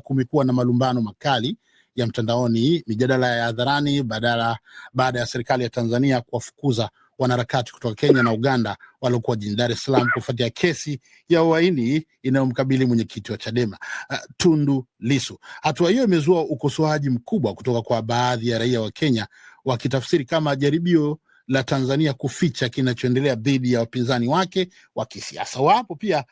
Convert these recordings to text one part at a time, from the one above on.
Kumekuwa na malumbano makali ya mtandaoni, mijadala ya hadharani badala baada ya serikali ya Tanzania kuwafukuza wanaharakati kutoka Kenya na Uganda waliokuwa jijini Dar es Salaam kufuatia kesi ya uhaini inayomkabili mwenyekiti wa Chadema uh, Tundu lisu Hatua hiyo imezua ukosoaji mkubwa kutoka kwa baadhi ya raia wa Kenya wakitafsiri kama jaribio la Tanzania kuficha kinachoendelea dhidi ya wapinzani wake wa kisiasa. Wapo pia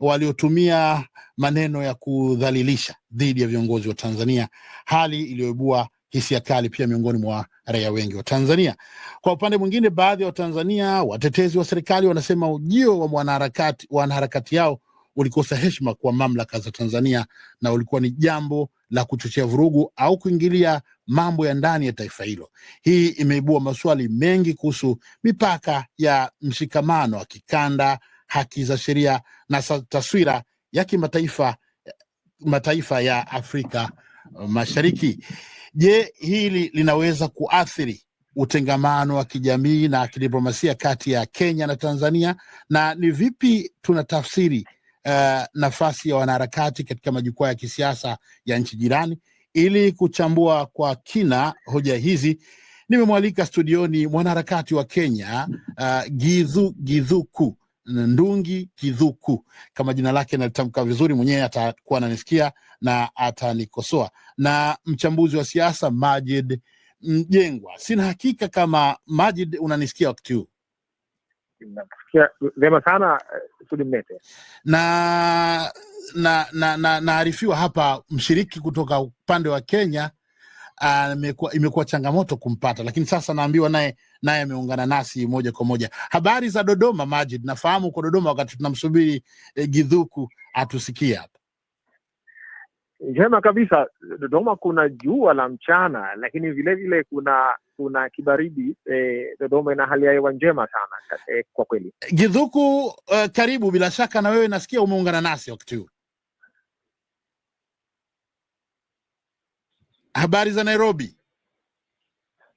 waliotumia maneno ya kudhalilisha dhidi ya viongozi wa Tanzania, hali iliyoibua hisia kali pia miongoni mwa raia wengi wa Tanzania. Kwa upande mwingine, baadhi ya wa Watanzania watetezi wa serikali wanasema ujio wa wanaharakati, wanaharakati yao ulikosa heshima kwa mamlaka za Tanzania na ulikuwa ni jambo la kuchochea vurugu au kuingilia mambo ya ndani ya taifa hilo. Hii imeibua maswali mengi kuhusu mipaka ya mshikamano wa kikanda haki za sheria na taswira ya kimataifa mataifa ya Afrika Mashariki. Je, hili linaweza kuathiri utengamano wa kijamii na kidiplomasia kati ya Kenya na Tanzania, na ni vipi tunatafsiri uh, nafasi ya wanaharakati katika majukwaa ya kisiasa ya nchi jirani? Ili kuchambua kwa kina hoja hizi, nimemwalika studioni mwanaharakati wa Kenya uh, Githu Githuku Ndungi kidhuku kama jina lake nalitamka vizuri, mwenyewe atakuwa ananisikia na atanikosoa, na mchambuzi wa siasa Majid Mjengwa. Sina hakika kama Majid unanisikia wakati huu vyema sana eh, na naarifiwa na, na, na hapa mshiriki kutoka upande wa Kenya uh, imekuwa changamoto kumpata, lakini sasa naambiwa naye naye ameungana nasi moja kwa moja. Habari za Dodoma, Majid? Nafahamu uko Dodoma wakati tunamsubiri eh, Gidhuku atusikie hapa. Njema kabisa. Dodoma kuna jua la mchana, lakini vilevile kuna kuna kibaridi eh, Dodoma ina hali ya hewa njema sana eh, kwa kweli. Gidhuku, uh, eh, karibu. Bila shaka na wewe nasikia umeungana nasi wakati huu. Habari za Nairobi?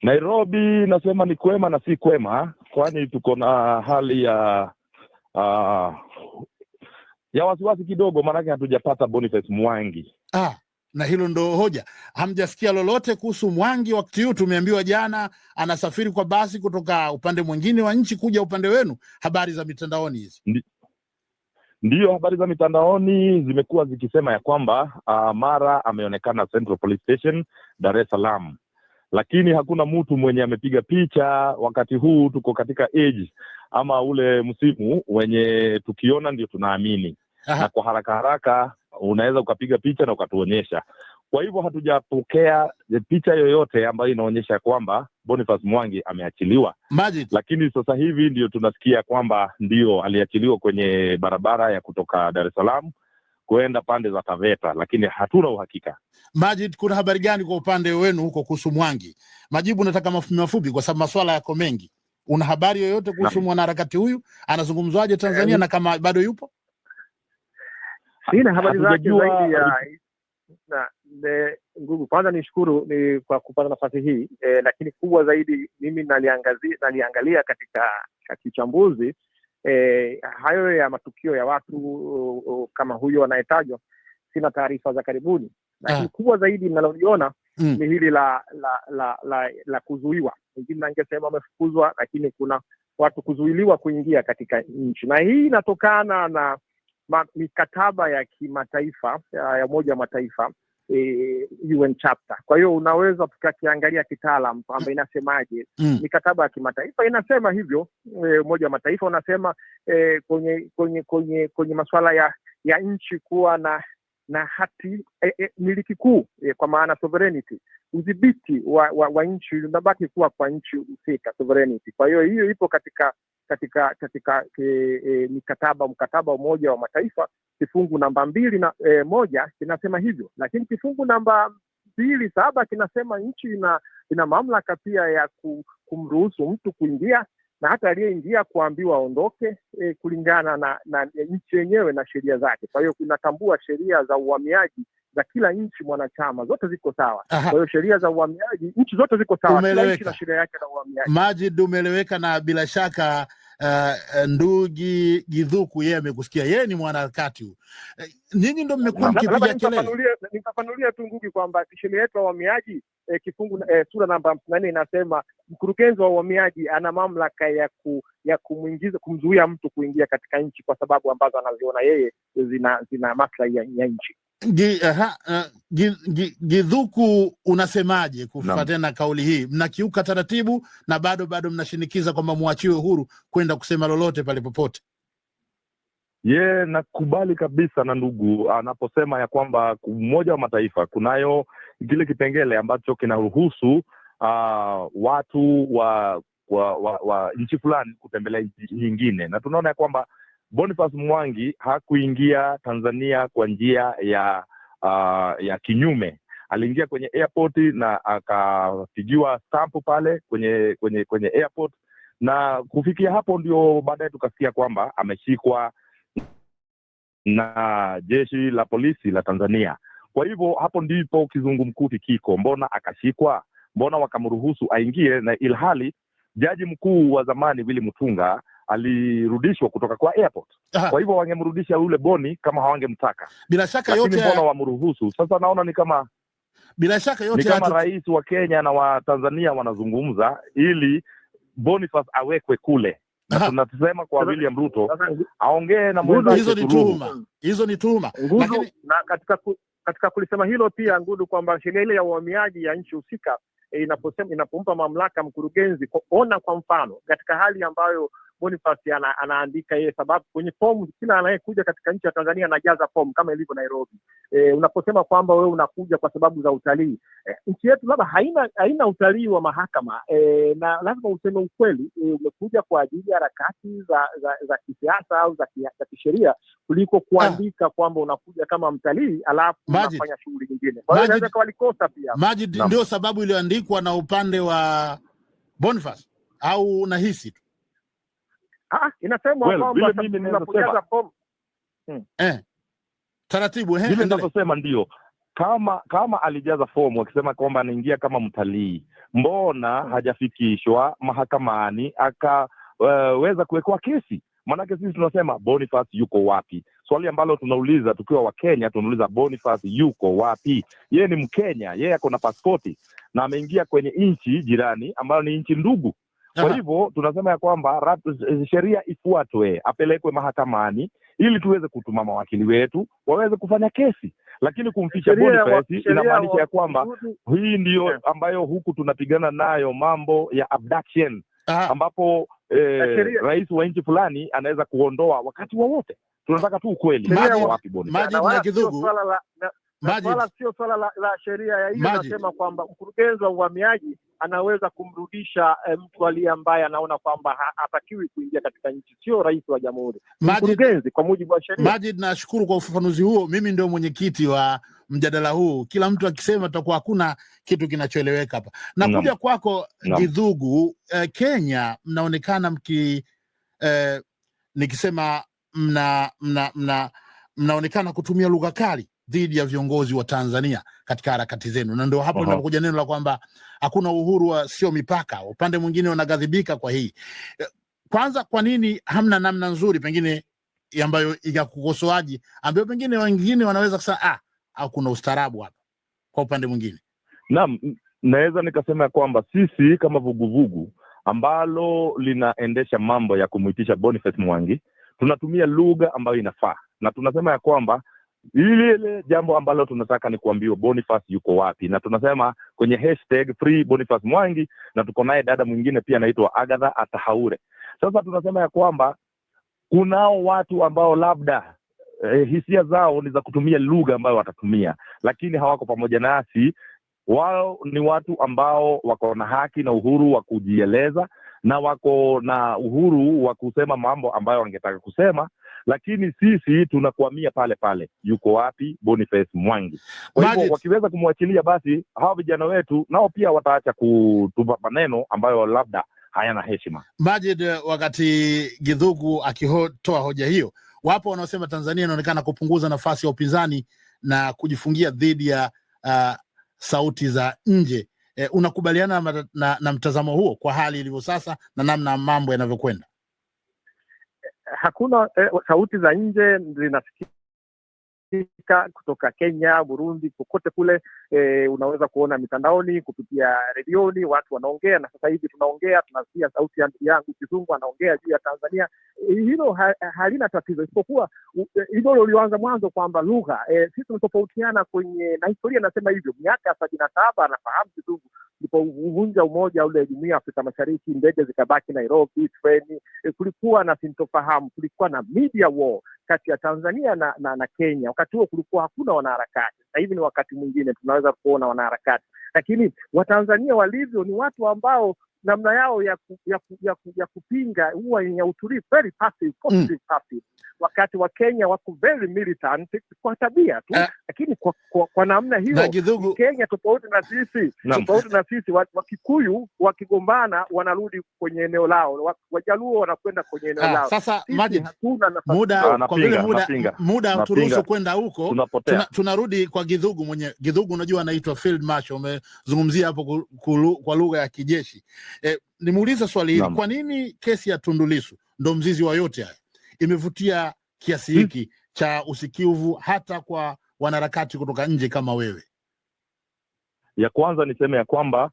Nairobi nasema ni kwema na si kwema, kwani tuko na hali ya uh, ya wasiwasi kidogo, maanake hatujapata Boniface Mwangi. Ah, na hilo ndo hoja. Hamjasikia lolote kuhusu Mwangi wakati huu? Tumeambiwa jana anasafiri kwa basi kutoka upande mwingine wa nchi kuja upande wenu. Habari za mitandaoni hizi Ndiyo, habari za mitandaoni zimekuwa zikisema ya kwamba uh, Mara ameonekana Central Police Station Dar es Salaam, lakini hakuna mtu mwenye amepiga picha. Wakati huu tuko katika age ama ule msimu wenye tukiona ndio tunaamini, na kwa haraka haraka unaweza ukapiga picha na ukatuonyesha. Kwa hivyo hatujapokea picha yoyote ambayo inaonyesha kwamba Boniface Mwangi ameachiliwa Majid. Lakini sasa hivi ndio tunasikia kwamba ndio aliachiliwa kwenye barabara ya kutoka Dar es Salaam kuenda pande za Taveta, lakini hatuna uhakika. Majid, kuna habari gani kwa upande wenu huko kuhusu Mwangi? Majibu nataka mafupi mafupi, kwa sababu maswala yako mengi. Una habari yoyote kuhusu mwanaharakati huyu, anazungumzwaje Tanzania? Eh, na kama bado yupo, sina habari zake zaidi ya e, eh, Ngugu, kwanza nishukuru ni kwa kupata nafasi hii e, lakini kubwa zaidi mimi naliangalia katika kiuchambuzi e, eh, hayo ya matukio ya watu o, o, kama huyo anayetajwa, sina taarifa za karibuni, lakini ah. kubwa zaidi ninaloliona mm. ni hili la la la la, la kuzuiwa. Wengine nangesema wamefukuzwa, lakini kuna watu kuzuiliwa kuingia katika nchi, na hii inatokana na mikataba ya kimataifa ya Umoja wa Mataifa e, UN chapter. Kwa hiyo unaweza tukakiangalia kitaalam kwamba mm. inasemaje mm. Mikataba ya kimataifa inasema hivyo, eh, Umoja e, wa Mataifa unasema e, kwenye kwenye kwenye kwenye masuala ya ya nchi kuwa na na hati e, e, miliki kuu e, kwa maana sovereignty, udhibiti wa, wa, wa nchi unabaki kuwa kwa nchi husika sovereignty. Kwa hiyo hiyo ipo katika katika katika e, e, mikataba mkataba Umoja wa Mataifa kifungu namba mbili na e, moja kinasema hivyo, lakini kifungu namba mbili saba kinasema nchi ina, ina mamlaka pia ya kumruhusu mtu kuingia na hata aliyeingia kuambiwa aondoke e, kulingana na, na e, nchi yenyewe na sheria zake. Kwa hiyo inatambua sheria za uhamiaji za kila nchi mwanachama, zote ziko sawa. Kwa hiyo sheria za uhamiaji nchi zote ziko sawa, kila nchi na sheria yake za uhamiaji. Majid, umeeleweka na bila shaka uh, Ndugi Gidhuku yeye amekusikia, yeye ni mwanaharakati huyu. Eh, nyinyi ndo mmekuwa mkipiga kelele. Nitafanulia tu Ngugi kwamba sisheni yetu ya uhamiaji eh, kifungu eh, sura namba hamsini na nne inasema mkurugenzi wa uhamiaji ana mamlaka ya ku, ya kumwingiza kumzuia mtu kuingia katika nchi kwa sababu ambazo anaziona yeye zina, zina maslahi ya nchi. Gidhuku, eh, unasemaje kufuatana na kauli hii? Mnakiuka taratibu na bado bado mnashinikiza kwamba mwachiwe huru kwenda kusema lolote pale popote? Ye yeah, nakubali kabisa na ndugu anaposema ya kwamba Umoja wa Mataifa kunayo kile kipengele ambacho kinaruhusu uh, watu wa wa, wa, wa nchi fulani kutembelea nchi nyingine, na tunaona ya kwamba Boniface Mwangi hakuingia Tanzania kwa njia ya uh, ya kinyume. Aliingia kwenye airport na akapigiwa stampu pale kwenye kwenye kwenye airport, na kufikia hapo ndio baadaye tukasikia kwamba ameshikwa na jeshi la polisi la Tanzania. Kwa hivyo hapo ndipo kizungumkuti kiko, mbona akashikwa? Mbona wakamruhusu aingie, na ilhali jaji mkuu wa zamani Willy Mutunga alirudishwa kutoka kwa airport. Aha. Kwa hivyo wangemrudisha yule Boni kama hawangemtaka bila shaka yote, mbona wamruhusu? Sasa naona ni kama bila shaka yote ni kama hatu... rais wa Kenya na wa Tanzania wanazungumza ili Boniface awekwe kule tunasema kwa William Ruto aongee na mwenzake. Hizo ni tuhuma, hizo ni tuhuma. Lakini na katika, ku, katika kulisema hilo pia Ngudu, kwamba sheria ile ya uhamiaji ya nchi husika eh, inaposema inapompa mamlaka mkurugenzi kuona, kwa mfano katika hali ambayo Boniface ana, anaandika yeye, sababu kwenye fomu kila anayekuja katika nchi ya Tanzania anajaza fomu kama ilivyo Nairobi. E, unaposema kwamba wewe unakuja kwa sababu za utalii e, nchi yetu labda haina haina utalii wa mahakama e, na lazima useme ukweli e, umekuja kwa ajili ya harakati za za, za kisiasa au za, za kisheria kuliko ah. kuandika ah, kwamba unakuja kama mtalii alafu unafanya shughuli nyingine. Kwa hiyo inaweza walikosa pia Majid, ndio sababu iliyoandikwa na upande wa Boniface au unahisi tu Ah, ah, inasemwa kwamba fomu hmm. eh, taratibu, eh, vile ninavyosema ndio kama kama alijaza fomu akisema kwamba anaingia kama mtalii, mbona hmm. hajafikishwa mahakamani akaweza eh, uh, kuwekwa kesi? Maanake sisi tunasema Boniface yuko wapi? Swali ambalo tunauliza tukiwa Wakenya, tunauliza Boniface yuko wapi? Yeye ni Mkenya, yeye ako na paspoti na ameingia kwenye nchi jirani ambayo ni nchi ndugu kwa hivyo tunasema ya kwamba sheria ifuatwe, apelekwe mahakamani ili tuweze kutuma mawakili wetu waweze kufanya kesi, lakini kumficha Boniface inamaanisha ya kwamba hii ndiyo ambayo huku tunapigana nayo mambo ya abduction, ah. ambapo eh, rais wa nchi fulani anaweza kuondoa wakati wowote. Wa tunataka tu ukweli, yaani swala sio swala la sheria ya hii, nasema kwamba mkurugenzi wa uhamiaji anaweza kumrudisha eh, mtu aliye ambaye anaona kwamba hatakiwi kuingia katika nchi, sio rais wa jamhuri, mkurugenzi kwa mujibu wa sheria. Majid, nashukuru kwa ufafanuzi huo. Mimi ndio mwenyekiti wa mjadala huu, kila mtu akisema tutakuwa hakuna kitu kinachoeleweka hapa. Na kuja kwako Gidhugu. eh, Kenya mnaonekana mki eh, nikisema mna mna mna mnaonekana kutumia lugha kali dhidi ya viongozi wa Tanzania katika harakati zenu, na ndio hapo linapokuja neno la kwamba hakuna uhuru wa sio mipaka. Upande mwingine wanaghadhibika kwa hii. Eh, kwanza, kwa nini hamna namna nzuri pengine ambayo ya kukosoaji ambayo pengine wengine wanaweza kusema ah, au kuna ustaarabu hapa kwa upande mwingine? Naam, naweza nikasema ya kwamba sisi kama vuguvugu ambalo linaendesha mambo ya kumwitisha Boniface Mwangi tunatumia lugha ambayo inafaa na tunasema ya kwamba ile ile jambo ambalo tunataka ni kuambiwa Boniface yuko wapi, na tunasema kwenye hashtag free Boniface Mwangi, na tuko naye dada mwingine pia anaitwa Agatha Atahaure. Sasa tunasema ya kwamba kunao watu ambao labda eh, hisia zao ni za kutumia lugha ambayo watatumia, lakini hawako pamoja nasi. Wao ni watu ambao wako na haki na uhuru wa kujieleza na wako na uhuru wa kusema mambo ambayo wangetaka kusema lakini sisi tunakwamia pale pale. Yuko wapi Boniface Mwangi? Kwa hivyo wakiweza kumwachilia, basi hawa vijana wetu nao pia wataacha kutupa maneno ambayo labda hayana heshima. Majid, eh, wakati Githugu akitoa hoja hiyo, wapo wanaosema Tanzania inaonekana kupunguza nafasi ya upinzani na kujifungia dhidi ya uh, sauti za nje. Eh, unakubaliana na, na, na mtazamo huo kwa hali ilivyo sasa na namna mambo yanavyokwenda? hakuna eh, sauti za nje zinasikia Afrika, kutoka Kenya, Burundi, kokote kule e, unaweza kuona mitandaoni kupitia redioni, watu wanaongea. Na sasa hivi tunaongea, tunasikia sauti yangu Kizungu anaongea juu ya Tanzania. Eh, hilo ha, halina tatizo, isipokuwa eh, hilo lolioanza mwanzo kwamba lugha e, sisi tunatofautiana kwenye, na historia inasema hivyo. Miaka ya sabini na saba anafahamu Kizungu ulivunja umoja ule jumuia ya Afrika Mashariki, ndege zikabaki Nairobi, treni. Kulikuwa na sintofahamu, kulikuwa na media war kati ya Tanzania na, na, na Kenya. Wakati huo kulikuwa hakuna wanaharakati, sasa hivi ni wakati mwingine tunaweza kuona wanaharakati, lakini Watanzania walivyo ni watu ambao namna yao ya, ku, ya, ku, ya, ku, ya kupinga huwa ni ya utulivu, very passive, mm. positive mm. passive. Wakati wa Kenya wako very militant kwa tabia tu, uh, lakini kwa, kwa, kwa namna hiyo na Kenya tofauti na sisi tofauti na sisi Wakikuyu wakigombana wanarudi kwenye eneo lao, Wajaluo wanakwenda kwenye eneo ah, lao. Sasa maji muda na, kwa vile muda muda hauturuhusu kwenda huko, tunarudi tuna kwa Gidhugu mwenye Gidhugu, unajua anaitwa Field Marshal, umezungumzia hapo kwa lugha ya kijeshi E, eh, nimuuliza swali hili, kwa nini kesi ya Tundu Lissu ndo mzizi wa yote haya imevutia kiasi hiki hmm, cha usikivu hata kwa wanaharakati kutoka nje kama wewe? Ya kwanza niseme ya kwamba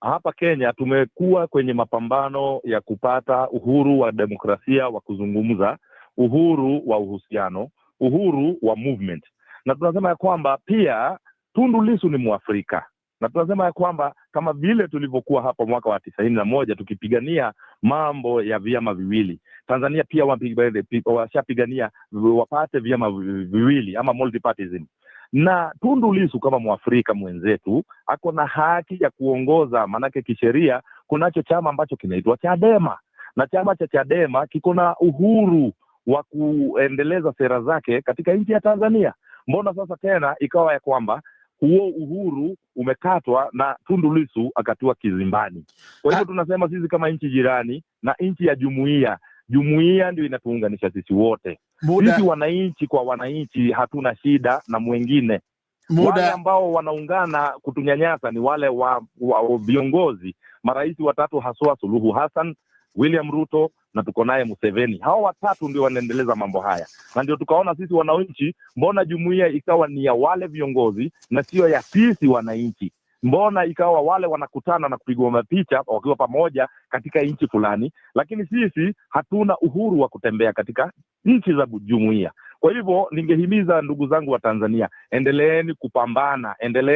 hapa Kenya tumekuwa kwenye mapambano ya kupata uhuru wa demokrasia wa kuzungumza, uhuru wa uhusiano, uhuru wa movement, na tunasema ya kwamba pia Tundu Lissu ni Mwafrika na tunasema ya kwamba kama vile tulivyokuwa hapo mwaka wa tisaini na moja tukipigania mambo ya vyama viwili, Tanzania pia eh, washapigania wapate vyama viwili ama Na Tundu lisu kama mwafrika mwenzetu ako na haki ya kuongoza, maanake kisheria kunacho chama ambacho kinaitwa Chadema na chama cha Chadema kiko na uhuru wa kuendeleza sera zake katika nchi ya Tanzania. Mbona sasa tena ikawa ya kwamba huo uhuru umekatwa na Tundu Lisu akatiwa kizimbani. Kwa hivyo ah. tunasema sisi kama nchi jirani na nchi ya jumuiya, jumuiya ndio inatuunganisha sisi wote. Sisi wananchi kwa wananchi hatuna shida na mwengine. Wale ambao wanaungana kutunyanyasa ni wale wa viongozi, marais watatu haswa Suluhu Hassan, William Ruto na tuko naye Museveni. Hawa watatu ndio wanaendeleza mambo haya, na ndio tukaona sisi wananchi, mbona jumuiya ikawa ni ya wale viongozi na sio ya sisi wananchi? Mbona ikawa wale wanakutana na kupigwa mapicha wakiwa pamoja katika nchi fulani, lakini sisi hatuna uhuru wa kutembea katika nchi za jumuiya. Kwa hivyo ningehimiza ndugu zangu wa Tanzania, endeleeni kupambana, endeleeni